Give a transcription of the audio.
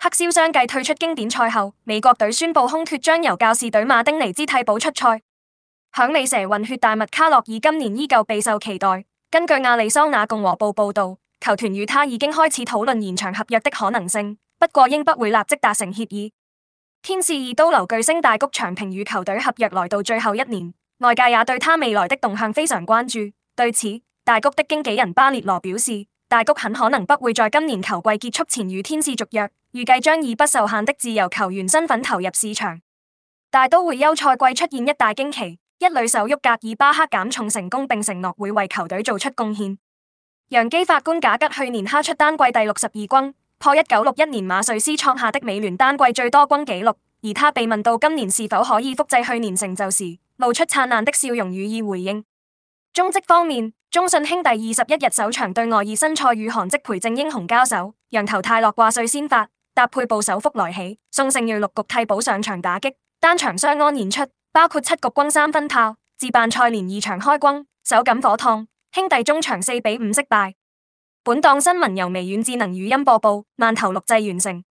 黑燒相繼退出經典賽後，美國隊宣布空缺，將由教士隊馬丁尼茲替補出賽。響尾蛇混血大物卡洛爾今年依舊備受期待。根據亞利桑那共和報報道，球團與他已經開始討論延長合約的可能性，不過應不會立即達成協議。天使二刀流巨星大谷翔平與球隊合約來到最後一年，外界也對他未來的動向非常關注。對此，大谷的經紀人巴列羅表示，大谷很可能不會在今年球季結束前與天使續約。預計將以不受限的自由球員身份投入市場，大都會休賽季出現一大驚奇，一壘手沃格爾巴克減重成功，並承諾會為球隊做出貢獻。楊基法官賈吉去年敲出單季第六十二轟，破一九六一年馬瑞斯創下的美聯單季最多轟紀錄。而他被問到今年是否可以複製去年成就時，露出燦爛的笑容予以回應。中職方面，中信兄弟二十一日首場對外二新賽與韓職培正英雄交手，楊頭泰落掛帥先發。搭配部首福來起，宋晟睿六局替補上場打擊，單場雙安演出，包括七局均三分炮，自辦賽連二場開轟，手感火燙。兄弟中場四比五惜敗。本檔新聞由微軟智能語音播報，慢頭錄製完成。